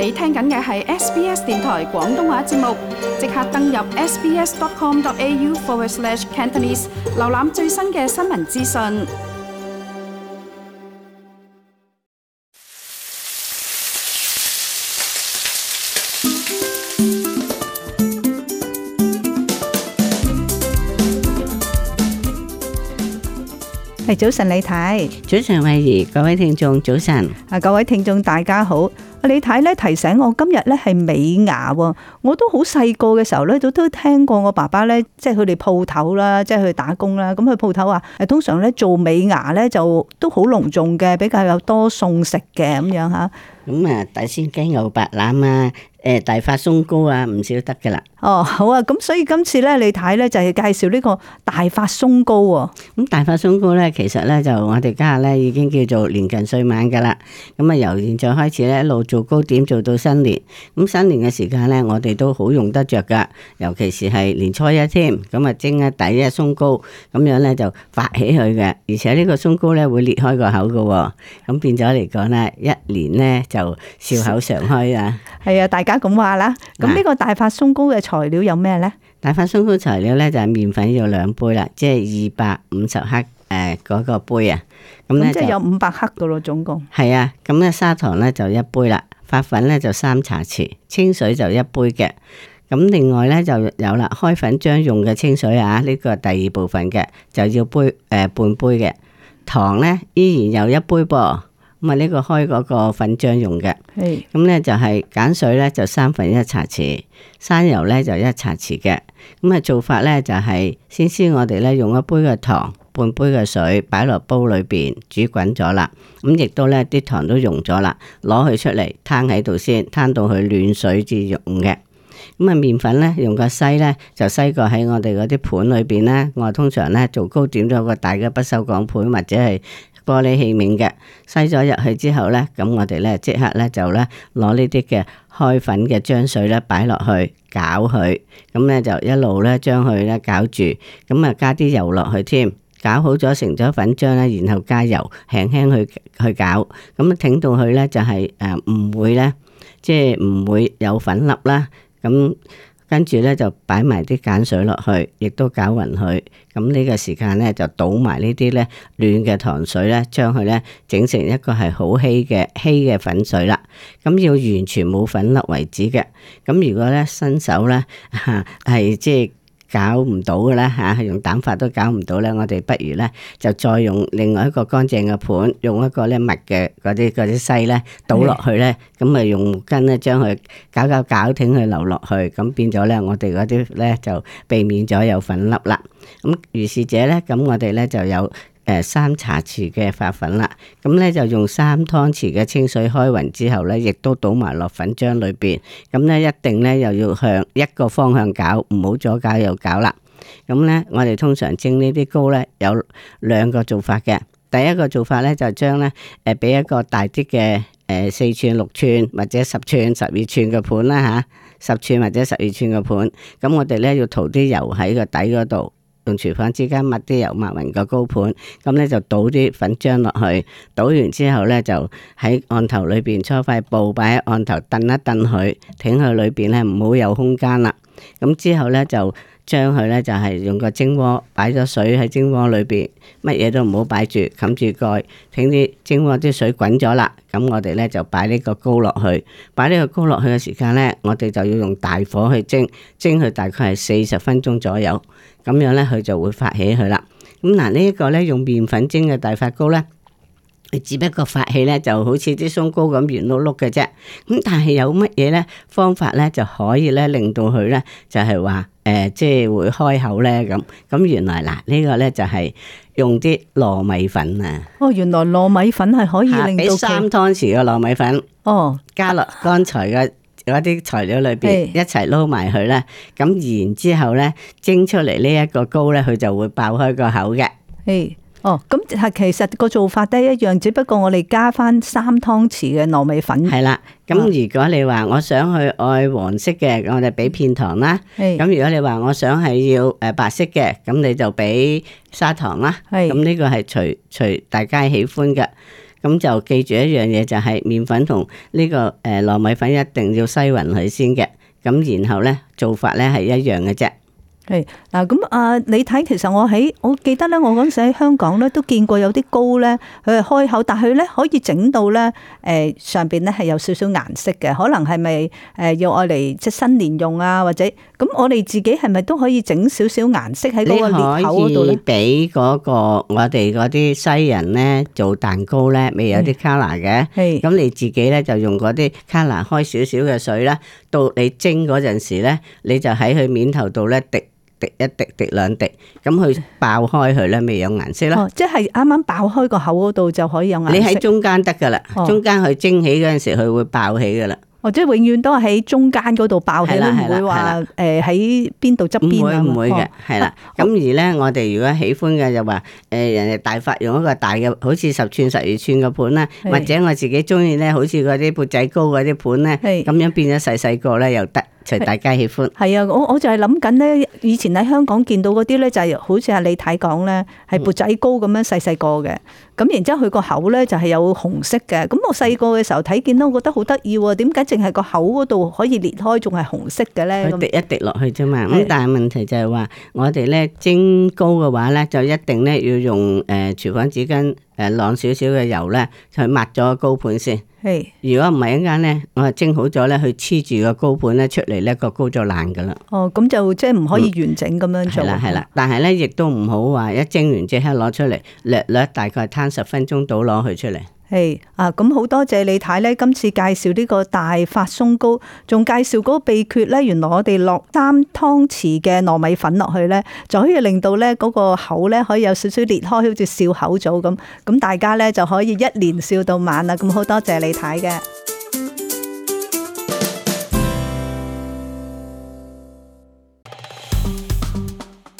你聽緊嘅係 SBS 電台廣東話節目，即刻登入 sbs.com.au/cantonese 瀏覽最新嘅新聞資訊。係早晨，李太。早晨，慧兒，各位聽眾早晨。啊，各位聽眾大家好。你睇咧，提醒我今日咧係美牙喎。我都好細個嘅時候咧，都都聽過我爸爸咧，即係佢哋鋪頭啦，即係去打工啦。咁佢鋪頭話，通常咧做美牙咧就都好隆重嘅，比較有多餸食嘅咁樣吓。咁、嗯、啊，大鮮雞牛白腩啊！誒，大發鬆糕啊，唔少得噶啦。哦，好啊，咁所以今次咧，你睇咧就係、是、介紹呢個大發鬆糕啊。咁大發鬆糕咧，其實咧就我哋家下咧已經叫做年近歲晚噶啦。咁啊，由現在開始咧，一路做糕點做到新年。咁新年嘅時間咧，我哋都好用得着噶。尤其是係年初一添，咁啊蒸一底啊鬆糕，咁樣咧就發起佢嘅。而且呢個鬆糕咧會裂開個口噶、啊，咁變咗嚟講咧，一年咧就笑口常開啊。係啊，大。而家咁話啦，咁呢個大發鬆糕嘅材料有咩呢？大發鬆糕材料呢，就係麵粉要兩杯啦，即係二百五十克嗰個杯啊。咁即係有五百克噶咯，總共。係啊，咁咧砂糖呢，就一杯啦，發粉呢，就三茶匙，清水就一杯嘅。咁另外呢，就有啦，開粉漿用嘅清水啊，呢個係第二部分嘅就要杯誒、呃、半杯嘅糖呢，依然有一杯噃。咁啊，呢個開嗰個粉漿用嘅，咁咧是、嗯、就係、是、鹼水咧就三分一茶匙，生油咧就一茶匙嘅。咁、嗯、啊做法咧就係、是、先先我呢，我哋咧用一杯嘅糖，半杯嘅水，擺落煲裏邊煮滾咗啦。咁、嗯、亦都咧啲糖都溶咗啦，攞佢出嚟攤喺度先，攤到佢暖水至溶嘅。咁啊麵粉咧用個篩咧就篩過喺我哋嗰啲盤裏邊咧。我通常咧做糕點都有一個大嘅不鏽鋼盤或者係。玻璃器皿嘅，篩咗入去之後呢，咁我哋呢即刻呢就呢攞呢啲嘅開粉嘅漿水呢擺落去攪佢，咁呢就一路呢將佢呢攪住，咁啊加啲油落去添，攪好咗成咗粉漿呢，然後加油輕輕去去攪，咁挺到佢呢就係誒唔會呢，即係唔會有粉粒啦，咁。跟住咧就擺埋啲鹼水落去，亦都攪勻佢。咁呢個時間咧就倒埋呢啲咧暖嘅糖水咧，將佢咧整成一個係好稀嘅稀嘅粉水啦。咁要完全冇粉粒為止嘅。咁如果咧新手咧嚇係即係。搞唔到啦嚇，用蛋法都搞唔到啦，我哋不如咧就再用另外一個乾淨嘅盤，用一個咧密嘅嗰啲嗰啲篩咧倒落去咧，咁啊的用木跟咧將佢搞搞搞，挺佢流落去，咁變咗咧我哋嗰啲咧就避免咗有粉粒啦。咁如是者咧，咁我哋咧就有。誒，三茶匙嘅發粉啦，咁咧就用三湯匙嘅清水開匀之後咧，亦都倒埋落粉漿裏邊。咁咧一定咧又要向一個方向攪，唔好左攪右攪啦。咁咧我哋通常蒸呢啲糕咧有兩個做法嘅。第一個做法咧就是、將咧誒俾一個大啲嘅誒四寸、六、呃、寸或者十寸、十二寸嘅盤啦吓，十、啊、寸或者十二寸嘅盤。咁我哋咧要塗啲油喺個底嗰度。同廚房之間抹啲油，抹勻個高盤，咁呢就倒啲粉漿落去，倒完之後呢，就喺案頭裏邊搓塊布，擺喺案頭燉一燉佢，挺佢裏邊呢唔好有空間啦。咁之後呢，就。將佢咧就係用個蒸鍋擺咗水喺蒸鍋裏邊，乜嘢都唔好擺住，冚住蓋，等啲蒸鍋啲水滾咗啦。咁我哋咧就擺呢個糕落去，擺呢個糕落去嘅時間咧，我哋就要用大火去蒸，蒸佢大概係四十分鐘左右。咁樣咧，佢就會發起佢啦。咁嗱，呢一個咧用麵粉蒸嘅大發糕咧。只不過發氣咧就好似啲鬆糕咁圓碌碌嘅啫，咁但係有乜嘢咧方法咧就可以咧令到佢咧就係話誒，即係會開口咧咁。咁原來嗱，呢個咧就係用啲糯米粉啊。哦，原來糯米粉係可以令到三湯匙嘅糯米粉哦，加落剛才嘅嗰啲材料裏邊是一齊撈埋佢咧，咁然之後咧蒸出嚟呢一個糕咧，佢就會爆開個口嘅。哦，咁係其實個做法都係一樣，只不過我哋加翻三湯匙嘅糯米粉。係啦，咁如果你話我想去愛黃色嘅，我哋俾片糖啦。係是，咁如果你話我想係要誒白色嘅，咁你就俾砂糖啦。係是，咁呢個係隨隨大家喜歡嘅。咁就記住一樣嘢就係、是、麵粉同呢個誒糯米粉一定要篩勻佢先嘅。咁然後咧做法咧係一樣嘅啫。係嗱，咁啊，你睇其實我喺我記得咧，我嗰時喺香港咧都見過有啲糕咧，佢係開口，但係佢咧可以整到咧，誒上邊咧係有少少顏色嘅，可能係咪誒要愛嚟即新年用啊？或者咁我哋自己係咪都可以整少少顏色喺嗰個裂口嗰度？俾嗰個我哋嗰啲西人咧做蛋糕咧，咪有啲 colour 嘅？係咁你自己咧就用嗰啲 colour 開少少嘅水啦，到你蒸嗰陣時咧，你就喺佢面頭度咧滴。滴一滴，滴兩滴，咁佢爆開佢咧，咪有顏色咯，哦？即係啱啱爆開個口嗰度就可以有顏色。你喺中間得噶啦，哦，中間佢蒸起嗰陣時，佢會爆起噶啦。或者，哦，永遠都喺中間嗰度爆起，都唔會話誒喺邊度側邊啊？唔、呃、會嘅，係啦。咁，哦，而咧，我哋如果喜歡嘅、就是，就話誒人哋大發用一個大嘅，好似十寸、十二寸嘅盤啦，或者我自己中意咧，好似嗰啲缽仔糕嗰啲盤咧，咁的樣變咗細細個咧又得。隨大家喜歡係啊！我我就係諗緊咧，以前喺香港見到嗰啲咧，就係好似係你睇講咧，係缽仔糕咁樣細細個嘅。咁然之後佢個口咧就係有紅色嘅。咁我細個嘅時候睇見咧，我覺得好得意喎。點解淨係個口嗰度可以裂開，仲係紅色嘅咧？滴一滴落去啫嘛。咁但係問題就係話，我哋咧蒸糕嘅話咧，就一定咧要用誒廚房紙巾誒晾少少嘅油咧，去抹咗個糕盤先。係，如果唔係一陣間咧，我係蒸好咗咧，佢黐住個高盤咧出嚟，咧，個高就爛噶啦。哦，咁就即係唔可以完整咁樣做啦。係啦係啦，但係咧亦都唔好話一蒸完即刻攞出嚟，略略大概攤十分鐘到攞佢出嚟。誒，hey，啊，咁、嗯、好多謝李太咧，今次介紹呢個大發鬆糕，仲介紹嗰個秘訣咧，原來我哋落三湯匙嘅糯米粉落去咧，就可以令到呢嗰個口咧可以有少少裂開，好似笑口棗咁，咁、嗯、大家呢就可以一年笑到晚啊！咁、嗯、好多謝李太嘅。